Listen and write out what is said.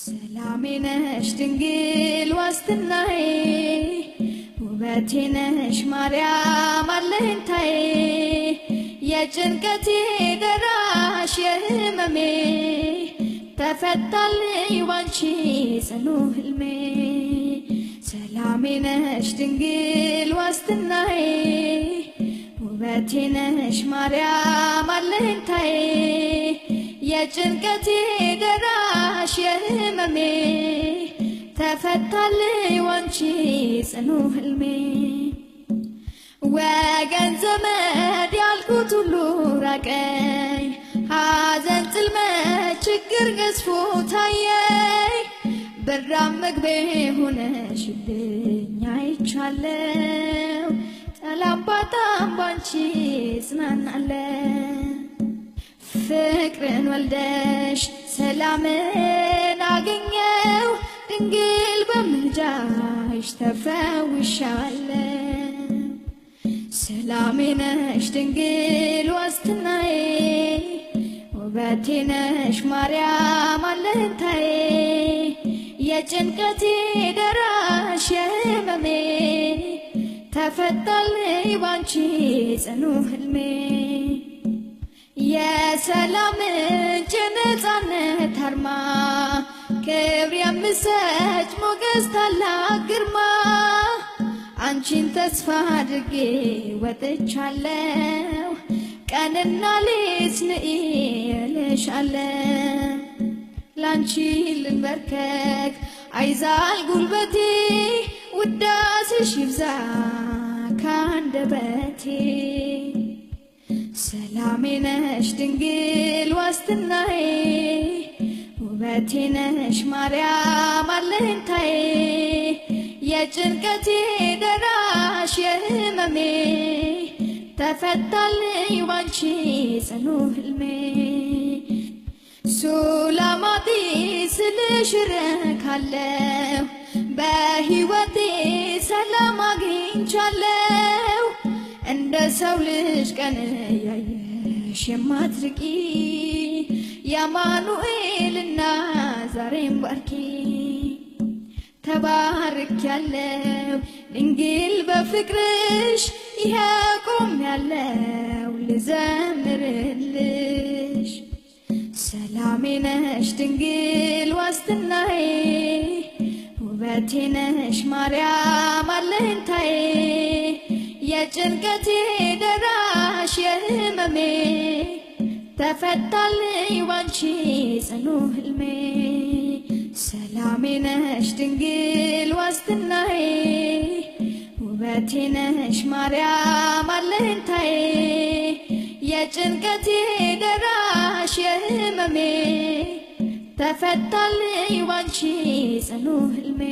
ሰላሜ ነሽ ድንግል ዋስትናዬ፣ ውበቴ ነሽ ማርያም አለኝታዬ፣ የጭንቀቴ ደራሽ የህመሜ ተፈታልኝ ባንቺ ጽኑ ህልሜ። ሰላሜ ነሽ ድንግል ዋስትናዬ፣ ውበቴ ነሽ ማርያም አለኝታዬ የጭንቀቴ ደራሽ የህመሜ ተፈታል ዋንቺ ጽኑ ህልሜ ወገን ዘመድ ያልኩት ሁሉ ራቀኝ ሐዘን ችግር ገዝፎ ታየኝ ብራብ ምግቤ ሆነሽብኝ ሽብኛ ጠላም ባጣም ባንቺ ጽናናለው ፍቅርን ወልደሽ ሰላምን አገኘው ድንግል በምልጃሽ ተፈውሻለሁ። ሰላሜ ነሽ ድንግል ዋስትናዬ ውበቴ ነሽ ማርያም አለኝታዬ የጭንቀቴ ደራሽ የህመሜ ተፈታልኝ ባንቺ ጽኑ ህልሜ የሰላም ምንጭ ነፃነት አርማ ክብር የምሰጭ ሞገስ ታላቅ ግርማ አንቺን ተስፋ አድርጌ ወጥቻለሁ ቀንና ሌት ንእልሻለሁ ላንቺ ልንበርከክ አይዛል ጉልበቴ ውዳሴሽ ይብዛ ካንደበቴ ሰላሜ ነሽ ድንግል ዋስትናዬ፣ ውበቴ ነሽ ማርያም አለኝታዬ፣ የጭንቀቴ ደራሽ የህመሜ ተፈታልኝ ባንቺ ጽኑ ህልሜ ሱላማጢ ስልሽ ረካለሁ ሰላም አግኝቻለሁ። እንደ ሰው ልጅ ቀን ያየሽ የማትርቂ የአማኑኤልና ዛሬም ባርኪ ተባርክ ያለው ድንግል በፍቅርሽ ይሄቁም ያለው ልዘምርልሽ ሰላሜ ነሽ ድንግል ዋስትናዬ ውበቴ ነሽ ማርያም አለኝታዬ የጭንቀቴ ደራሽ የህመሜ ተፈታልኝ ዋንቺ ጽኑ ህልሜ ሰላሜ ነሽ ድንግል ዋስትናዬ ውበቴ ነሽ ማርያም አለኝታዬ የጭንቀቴ ደራሽ የህመሜ ተፈታልኝ ዋንቺ ጽኑ ህልሜ